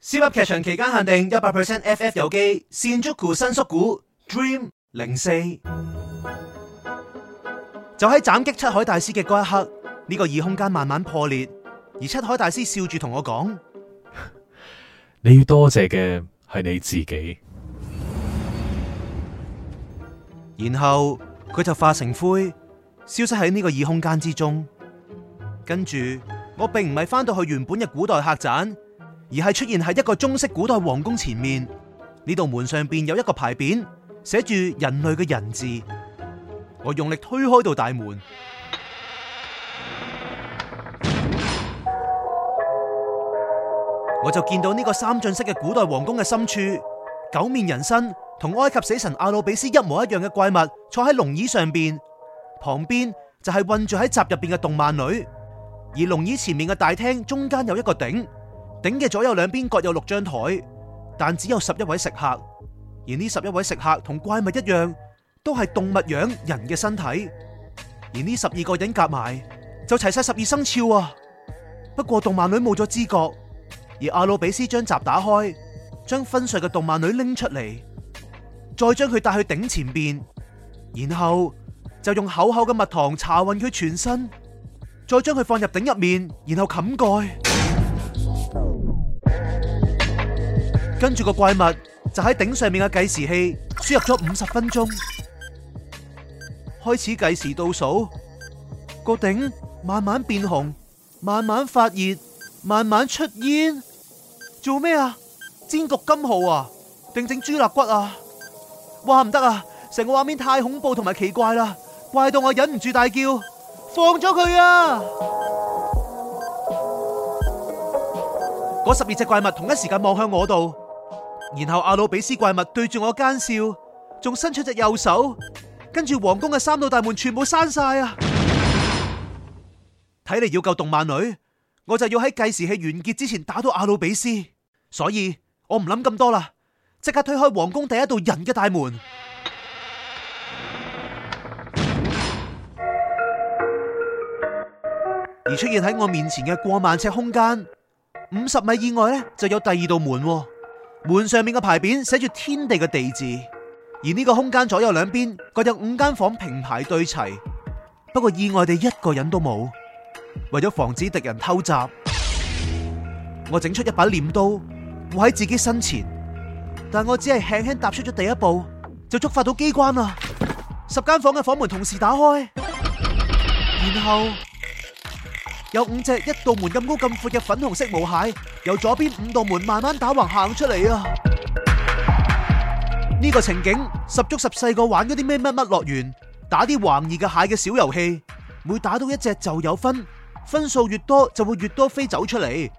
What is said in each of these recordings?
Zip 噏劇場期間限定一百 percent FF 遊記-「Shinjuku 新宿故」Dream 零四， 就喺斬擊七海大師嘅嗰一刻，呢、這個異空間慢慢破裂，而七海大師笑住同我講 ：你要多謝嘅係你自己。然後，佢就化成灰，消失喺呢個異空間之中。跟住我並唔係返到去原本嘅古代客棧。而係出現喺一個中式古代皇宮前面，呢度門上邊有一個牌匾，寫住人類嘅人字。我用力推開度大門， 我就見到呢個三進式嘅古代皇宮嘅深處，狗面人身同埃及死神阿努比斯一模一樣嘅怪物坐喺龍椅上邊，旁邊就係困住喺閘入邊嘅動漫女，而龍椅前面嘅大廳中間有一個鼎。鼎嘅左右兩邊各有六張枱，但只有十一位食客，而呢十一位食客同怪物一樣，都係動物樣人嘅身體，而呢十二個人夾埋就齊晒十二生肖啊！不過動漫女冇咗知覺，而阿努比斯將閘打開，將昏睡嘅動漫女拎出嚟，再將佢帶去鼎前邊，然後就用厚厚嘅蜜糖搽匀佢全身，再將佢放入鼎入面，然後冚蓋。跟住個怪物就喺鼎上面嘅計時器輸入咗五十分鐘，開始計時倒數。個鼎慢慢變紅，慢慢發熱，慢慢出煙。做咩啊？煎焗金蠔啊？定整豬肋骨啊？話唔得啊！成個畫面太恐怖同埋奇怪啦，怪到我忍唔住大叫：放咗佢啊！嗰 十二隻怪物同一時間望向我度。然後阿努比斯怪物對住我奸笑，仲伸出隻右手，跟住皇宮嘅三道大門全部閂晒啊！睇嚟 要救動漫女，我就要喺計時器完結之前打到阿努比斯，所以我唔諗咁多啦，即刻推開皇宮第一道人嘅大門。 而出現喺我面前嘅過萬尺空間，五十米以外咧，就有第二道門。門上面嘅牌匾寫住天地嘅地字，而呢個空間左右兩邊各有五間房平排對齊，不過意外地一個人都冇。為咗防止敵人偷襲，我整出一把念刀護喺自己身前，但我只係輕輕踏出咗第一步，就觸發到機關啦！十間房嘅房門同時打開，然後。有五隻一道門咁高咁闊嘅粉紅色毛蟹，由左邊五道門慢慢打橫行出嚟啊！呢 個情景十足十細個玩嗰啲咩乜乜樂園，打啲橫移嘅蟹嘅小遊戲，每打到一隻就有分，分數越多就會越多飛走出嚟。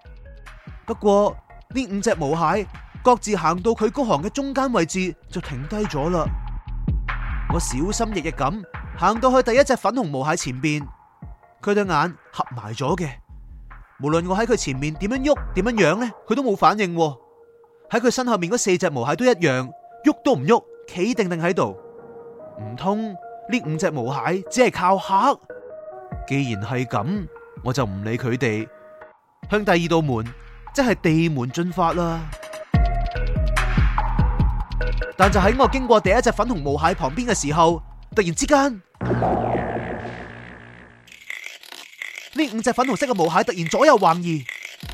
不過呢五隻毛蟹各自到行到佢嗰行嘅中間位置就停低咗啦。我小心翼翼咁行到去第一隻粉紅毛蟹前邊。佢對眼合埋咗嘅，無論我喺佢前面點樣喐，點樣樣咧，佢都冇反應。喺佢身後面嗰四隻毛蟹都一樣，喐都唔喐，企定定喺度。唔通呢五隻毛蟹只係靠嚇？既然係咁，我就唔理佢哋，向第二道門，即係地門進發啦。但就喺我經過第一隻粉紅毛蟹旁邊嘅時候，突然之間。呢五隻粉紅色嘅毛蟹突然左右橫移，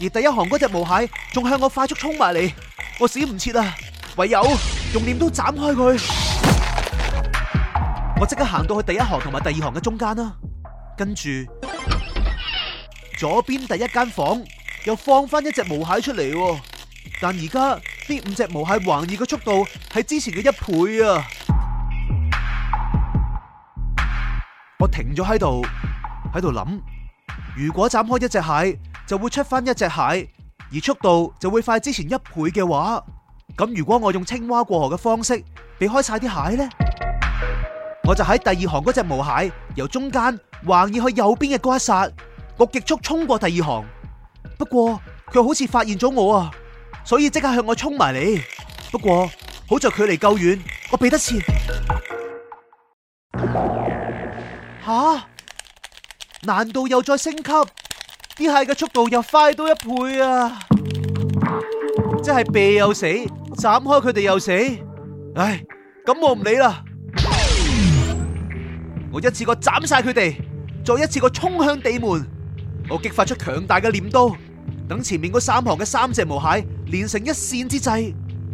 而第一行嗰隻毛蟹仲向我快速衝埋嚟，我閃唔切啊！唯有用念刀斬開佢。我即刻行到去第一行同埋第二行嘅中間啦，跟住左邊第一間房又放翻一隻毛蟹出嚟，但而家呢五隻毛蟹橫移嘅速度係之前嘅一倍啊！我停咗喺度，喺度諗。如果斬開一隻蟹，就會出翻一隻蟹，而速度就會快之前一倍嘅話，咁如果我用青蛙過河嘅方式避開晒啲蟹呢？我就喺第二行嗰隻毛蟹由中間橫移去右邊嘅嗰一剎，我極速衝過第二行。不過佢好似發現咗我啊，所以即刻向我衝埋嚟。不過好在距離夠遠，我避得切。吓、啊！難道又再升級？啲蟹嘅速度又快到一倍啊！即係避又死，斬開佢哋又死。唉，咁我唔理啦。我一次過斬晒佢哋，再一次過衝向地門。我激發出強大嘅念刀，等前面嗰三行嘅三隻毛蟹連成一線之際，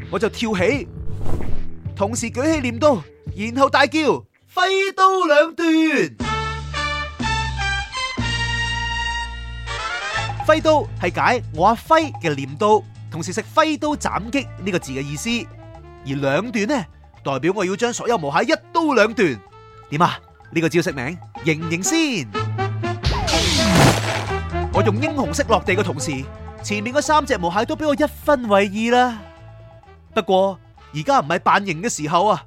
我就跳起，同時舉起念刀，然後大叫：輝刀兩斷！輝刀係解我阿輝嘅念刀，同時食揮刀斬擊呢個字嘅意思。而兩斷呢，代表我要將所有毛蟹一刀兩斷。點啊？呢個招式名？型唔型先？我用英雄式落地嘅同時，前面嗰三隻毛蟹都俾我一分為二啦。不過而家唔係扮型嘅時候啊，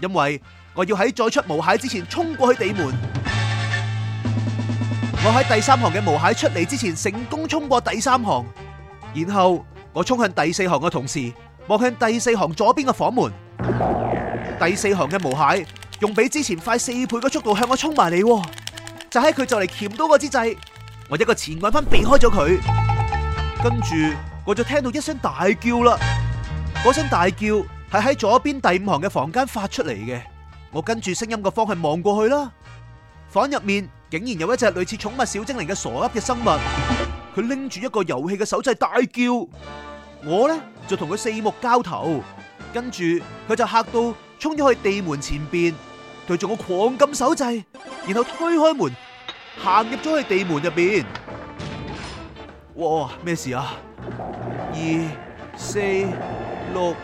因為我要喺再出毛蟹之前衝過去地門。我喺第三行嘅毛蟹出嚟之前，成功衝過第三行，然後我衝向第四行嘅同時，望向第四行左邊嘅房門。第四行嘅毛蟹用比之前快四倍嘅速度向我衝埋嚟，就喺佢就嚟鉗到我之際，我一個前滾翻避開咗佢，跟住我就聽到一聲大叫啦。嗰聲大叫係喺左邊第五行嘅房間發出嚟嘅，我跟住聲音嘅方向望過去啦，房入面。竟然有一隻類似寵物小精靈嘅傻鴨嘅生物，佢拎住一個遊戲嘅手掣大叫，我咧就同佢四目交投，跟住佢就吓到衝咗去地門前邊，佢仲要狂撳手掣，然後推開門行入咗去地門入邊。哇！咩事啊？二四六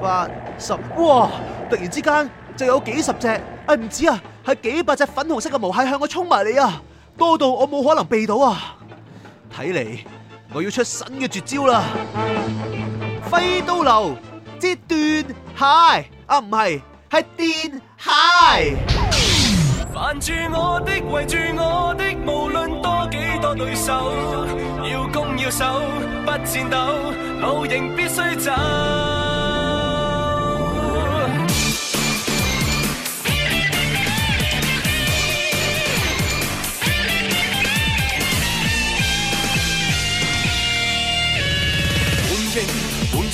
八十，哇！突然之間就有幾十隻，誒唔止啊！係幾百隻粉紅色嘅毛蟹向我衝埋嚟啊！多到我冇可能避到啊！睇嚟我要出新嘅絕招啦！揮刀流，之斷蟹啊，唔係，係電蟹。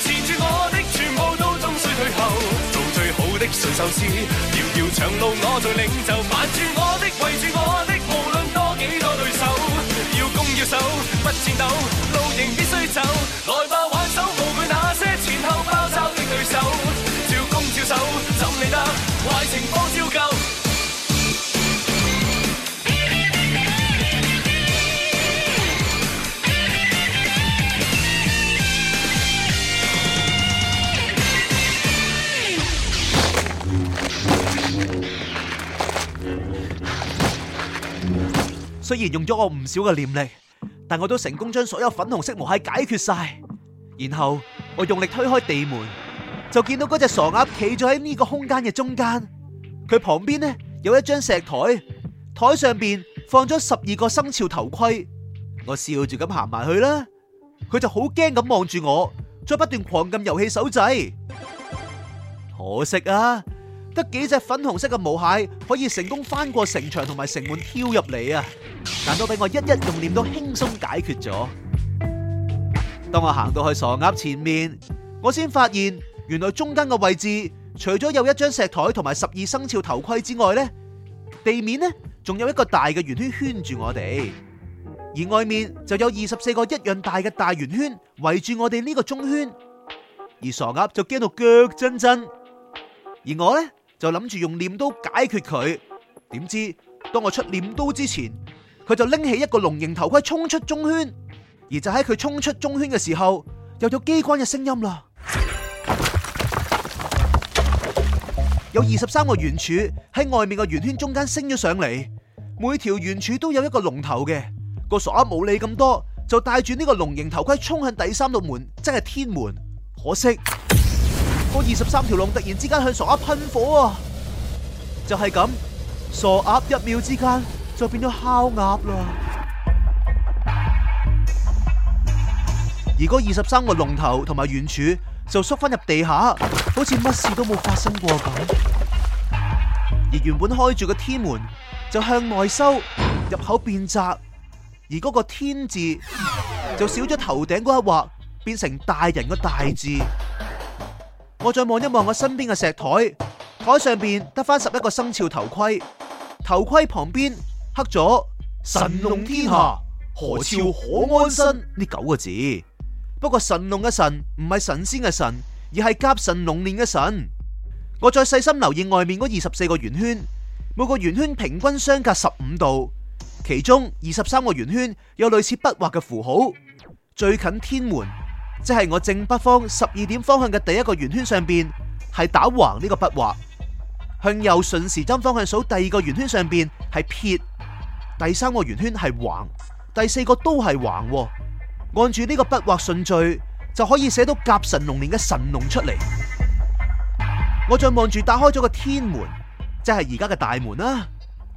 纏住我的全部都終須退後，做最好的馴獸師是遙遙長路我在領袖，煩住我的圍住我的，無論多幾多對手，要攻要守不顫抖，路仍必須走，來吧！雖然用咗我唔少嘅念力，但我都成功將所有粉紅色毛蟹解決晒。然後我用力推開地門，就見到嗰隻傻鴨企咗喺呢個空間嘅中間。佢旁邊呢有一張石台，台上邊放咗十二個生肖頭盔。我笑住咁行埋去啦，佢就好驚咁望住我，再不斷狂撳遊戲手掣。可惜啊！幾隻粉紅色嘅毛蟹可以成功翻過城牆同埋城門跳入嚟啊！但都俾我一一用念刀輕鬆解決咗。當我行到去傻鴨前面，我先發現原來中間嘅位置除咗有一張石枱同埋十二生肖頭盔之外呢，地面呢仲有一個大嘅圓圈圈住我哋，而外面就有二十四個一樣大嘅大圓圈圍住我哋呢個中圈，而傻鴨就驚到腳震震，而我呢。就諗住用念刀解決佢，點知當我出念刀之前，佢就拎起一個龍形頭盔衝出中圈，而就喺佢衝出中圈嘅時候，又有機關嘅聲音啦，有二十三個圓柱喺外面嘅圓圈中間升咗上嚟，每條圓柱都有一個龍頭嘅，個傻鴨冇理咁多，就戴住呢個龍形頭盔衝向第三道門，真係天門，可惜。嗰二十三條龍突然之間向傻鴨噴火啊！就係咁，傻鴨一秒之間就變咗烤鴨啦。而嗰二十三個龍頭同埋圓柱就縮翻入地下，好似乜事都冇發生過咁。而原本開住嘅天門就向內收，入口變窄，而嗰個天字就少咗頭頂嗰一畫，變成大人嘅大字。我再望一望我身邊嘅石枱，枱上面得返十一個生肖頭盔，頭盔旁邊刻咗“神龍天下，何朝可安身”呢九個字。不過神龍嘅神唔係神仙嘅神，而係甲辰龍年嘅辰。我再細心留意外面嗰二十四個圓圈，每個圓圈平均相隔十五度，其中二十三個圓圈有類似筆畫嘅符號。最近天門，即係我正北方十二點方向嘅第一個圓圈上邊係打橫呢個筆畫，向右順時針方向數第二個圓圈上邊係撇，第三個圓圈係橫，第四個都係橫，哦。按住呢個筆畫順序就可以寫到甲辰龍年嘅神龍出嚟。我再望住打開咗個天門，即係而家嘅大門啦，啊。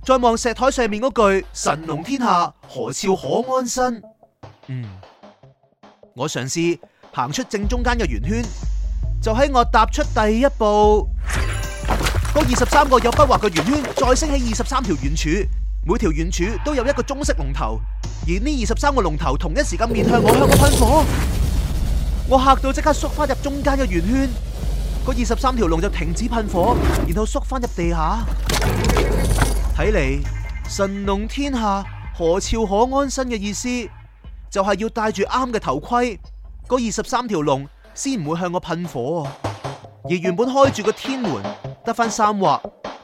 再望石台上面嗰句神龍天下何朝可安身。嗯，我嘗試。行出正中間嘅圓圈，就喺我踏出第一步，個二十三個有筆畫嘅圓圈，再升起二十三條圓柱，每條圓柱都有一個中式龍頭，而呢二十三個龍頭同一時間面向我，向我噴火，我嚇到即刻縮翻入中間嘅圓圈，個二十三條龍就停止噴火，然後縮翻入地下。睇嚟，神龍天下何朝可安身嘅意思，就係要戴住啱嘅頭盔。嗰二十三條龍先唔會向我噴火啊！而原本開住個天門得返三劃，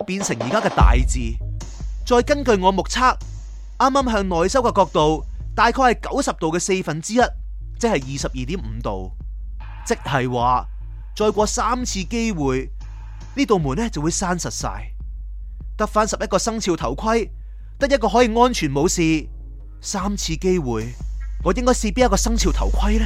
變成而家嘅大字。再根據我目測，啱啱向內收嘅角度大概係九十度嘅四分之一，即係二十二點五度。即係話再過三次機會，呢道門呢就會閂實晒，得返十一個生肖頭盔，得一個可以安全冇事。三次機會，我應該試邊一個生肖頭盔呢？